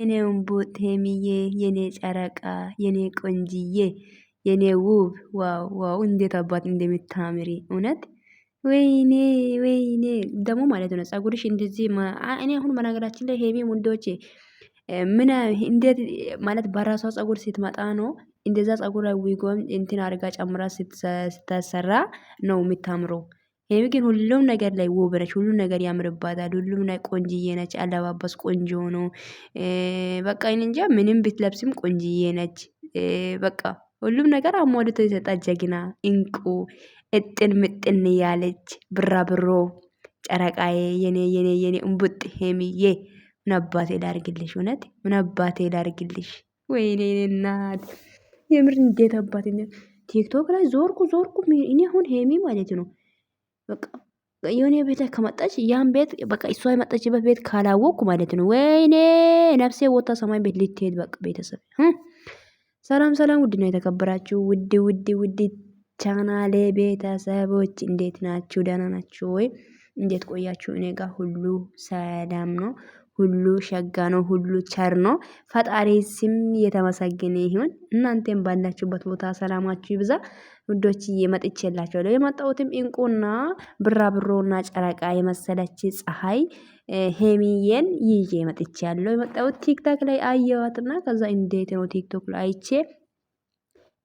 የኔ እምቡጥ ሄሚዬ የኔ ጨረቃ የኔ ቆንጅዬ የኔ ውብ ዋው ዋው እንዴት አባት እንደምታምሪ እውነት ወይኔ ወይኔ ደግሞ ማለት ነው ጸጉርሽ እንደዚህ እኔ አሁን በነገራችን ላይ ሄሚ ወንዶቼ ምን እንዴት ማለት በራሷ ጸጉር ስትመጣ ነው እንደዛ ጸጉር ዊጎም እንትን አርጋ ጨምራ ስታሰራ ነው የምታምረው ሄሉ ግን ሁሉም ነገር ላይ ውብ ነች። ሁሉም ነገር ያምርባታል። ሁሉም ላይ ቆንጅዬ ነች። አለባበስ ቆንጆ ነው። በቃ እንጃ ምንም ብትለብስም ቆንጅዬ ነች። በቃ ሁሉም ነገር አሟልቶ የሰጣ ጀግና፣ እንቁ፣ እጥን ምጥን ያለች ብራብሮ ጨረቃዬ፣ የኔ የኔ የኔ እምቡጥ ሄሚዬ ምናባቴ አባቴ ላርግልሽ? እውነት ምናባቴ አባቴ ላርግልሽ? ወይኔ እናት የምር እንዴት አባት ቲክቶክ ላይ ዞርኩ ዞርኩ። እኔ አሁን ሄሚ ማለት ነው በቃ የሆነ ቤት ላይ ከመጣች ያን ቤት በቃ እሷ የመጣችበት ቤት ካላወቅኩ ማለት ነው። ወይኔ ነፍሴ ወታ ሰማይ ቤት ልትሄድ በቃ ቤተሰብ ሰላም ሰላም፣ ውድ ነው የተከበራችሁ ውድ ውድ ውድ ቻናሌ ቤተሰቦች እንዴት ናችሁ? ደህና ናችሁ ወይ? እንዴት ቆያችሁ? እኔ ጋር ሁሉ ሰላም ነው። ሁሉ ሸጋ ነው፣ ሁሉ ቸር ነው። ፈጣሪ ስም የተመሰገነ ይሁን። እናንተም ባላችሁበት ቦታ ሰላማችሁ ይብዛ። ውዶች መጥቼ የላቸው የመጣሁትም እንቁና ብራብሮና ጨረቃ የመሰለች ፀሐይ ሄሚዬን ይዤ መጥቼ ያለው የመጣሁት ቲክታክ ላይ አየዋትና ከዛ እንዴት ነው ቲክቶክ ላይ አይቼ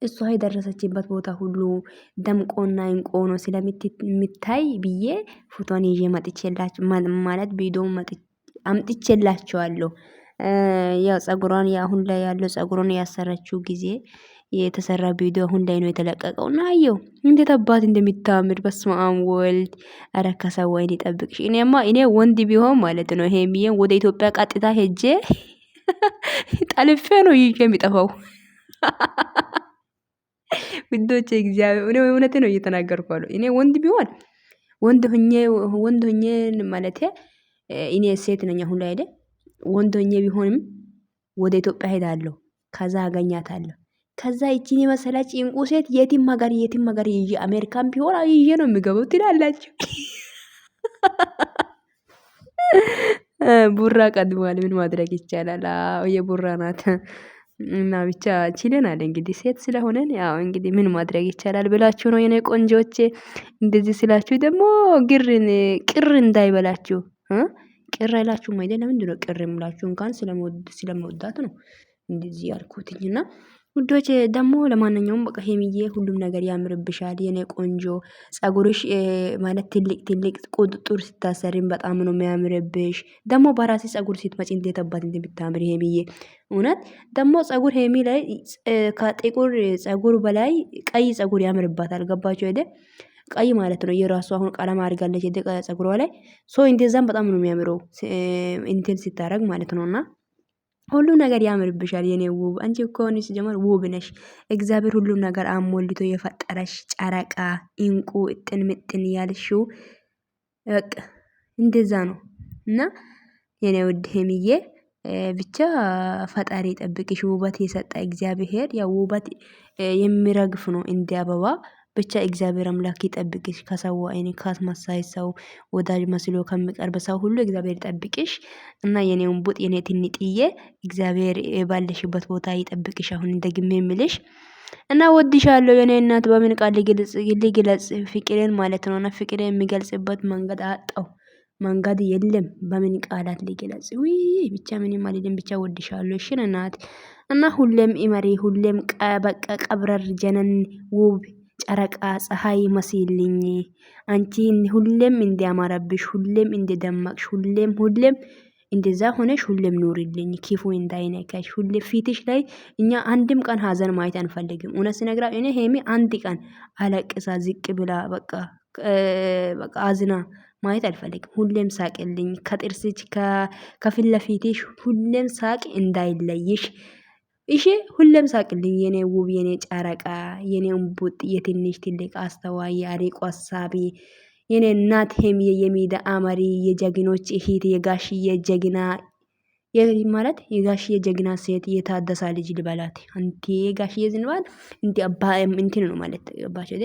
እሷ የደረሰችበት ቦታ ሁሉ ደምቆና እንቆ ነው ስለምትታይ ብዬ ፎቶን ይዤ መጥቼላችሁ ማለት ቪዲዮ መጥቼ አምጥቼላቸዋለሁ። ያው ጸጉሯን አሁን ላይ ያለው ፀጉሯን ያሰረችው ጊዜ የተሰራ ቪዲዮ አሁን ላይ ነው የተለቀቀው እና አየው እንዴት አባት እንደሚታምር በስመአብ ወልድ ኧረ ወይን ይጠብቅሽ። እኔማ እኔ ወንድ ቢሆን ማለት ነው ሄሚዬን ወደ ኢትዮጵያ ቀጥታ ሄጄ ጠልፌ ነው ይዤ የሚጠፋው። ውዶቼ እግዚአብሔር እኔ እውነቴ ነው እየተናገርኩ አለው እኔ ወንድ ቢሆን ወንድ ሁኜ ወንድ ሁኜን ማለቴ እኔ ሴት ነኝ አሁን ላይ አይደል? ቢሆንም ወደ ኢትዮጵያ ሄዳለሁ። ከዛ አገኛታለሁ። ከዛ ይቺን የመሰለች እንቁ ሴት የትም ሀገር የትም ሀገር ይዤ አሜሪካን ቢሆን ይዤ ነው የምገባው ትላላችሁ። ቡራ ቀድሟል። ምን ማድረግ ይቻላል? የቡራ ናት እና ብቻ ችለናል። እንግዲህ ሴት ስለሆነን ያው እንግዲህ ምን ማድረግ ይቻላል ብላችሁ ነው የኔ ቆንጆቼ። እንደዚህ ስላችሁ ደግሞ ግር ቅር እንዳይበላችሁ ቅር አይላችሁም አይደል? ነው ቅር የምላችሁ? እንኳን ስለመወዳት ነው እንደዚህ ያልኩትኝ። እና ውዶች ደግሞ ለማንኛውም በቃ ሄሚዬ ሁሉም ነገር ያምርብሻል የኔ ቆንጆ። ጸጉርሽ ማለት ትልቅ ትልቅ ቁጥጥር ስታሰሪም በጣም ነው የሚያምርብሽ። ደግሞ በራሴ ጸጉር ስትመጪ እንዴት አባት ብታምር ሄሚዬ። እውነት ደግሞ ጸጉር ሄሚ ላይ ከጥቁር ጸጉር በላይ ቀይ ጸጉር ያምርባታል። ገባችሁ አይደል? ቀይ ማለት ነው። የራሱ አሁን ቀለም አድርጋለች የደቀ ጸጉሯ ላይ ሶ እንደዛም በጣም ነው የሚያምረው ኢንቴል ሲታረግ ማለት ነው እና ሁሉ ነገር ያምርብሻል የኔ ውብ። አንቺ እኮ ሆነሽ ጀመር ውብ ነሽ። እግዚአብሔር ሁሉም ነገር አሞልቶ የፈጠረሽ ጨረቃ እንቁ እጥን ምጥን ያልሽው በቃ እንደዛ ነው እና የኔ ውድ ሄምዬ ብቻ ፈጣሪ ጠብቅሽ። ውበት የሰጠ እግዚአብሔር ያው ውበት የሚረግፍ ነው እንደ አበባ ብቻ እግዚአብሔር አምላክ ይጠብቅሽ። ከሰው አይን ካስመሳይ ሰው ወዳጅ መስሎ ከሚቀርብ ሰው ሁሉ እግዚአብሔር ይጠብቅሽ እና የኔውን ቡጥ የኔ ትንጥዬ እግዚአብሔር ባለሽበት ቦታ ይጠብቅሽ። አሁን ደግሜ የምልሽ እና ወድሻለሁ የኔ እናት በምን ቃል ሊግለጽ ፍቅሬን ማለት ነው። እና ፍቅሬ የሚገልጽበት መንገድ አጣው መንገድ የለም። በምን ቃላት ሊገለጽ ውይ ብቻ ምን ማለትም ብቻ ወድሻለሁ እሺ እናት እና ሁሌም ኢመሪ ሁሌም በቃ ቀብረር ጀነን ውብ ጨረቃ ፀሐይ መሲልኝ አንቺ ሁሌም እንዲያማረብሽ ሁሌም እንዲደመቅሽ ሁሌም ሁሌም እንደዛ ሆነሽ ሁሌም ኑሪልኝ፣ ኪፎ እንዳይነካሽ ሁሌ ፊትሽ ላይ እኛ አንድም ቀን ሀዘን ማየት አንፈልግም። እውነት ስነግራ እኔ ሄሚ አንድ ቀን አለቅሳ ዝቅ ብላ በቃ በቃ አዝና ማየት አልፈልግም። ሁሌም ሳቅልኝ፣ ከጥርስች ከፊት ለፊትሽ ሁሌም ሳቅ እንዳይለይሽ ይሄ ሁሌም ሳቅልኝ የኔ ውብ የኔ ጨረቃ የኔ እንቡጥ የትንሽ ትልቅ አስተዋይ የአሪቆ አሳቢ የኔ እናት ሄም የሚደ አመሪ የጀግኖች እህት የጋሽዬ ጀግና ማለት የጋሽዬ ጀግና ሴት የታደሳ ልጅ ልበላት። አንቲ ጋሽዬ ዝንባል እንቲ አባም እንትን ነው ማለት አባቸው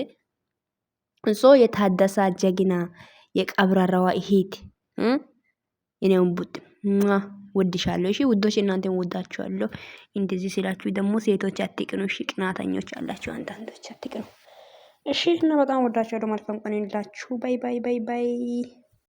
እንሶ የታደሳ ጀግና የቀብራራዋ እህት የኔ እንቡጥ ወድሻለሁ። እሺ ውዶች፣ እናንተን ወዳችኋለሁ። እንደዚህ ስላችሁ ደግሞ ሴቶች አትቅኑ። እሺ ቅናተኞች አላችሁ፣ አንዳንዶች አትቅኑ። እሺ እና በጣም ወዳችኋለሁ። መልካም ቀን ይሁንላችሁ። ባይ ባይ ባይ ባይ።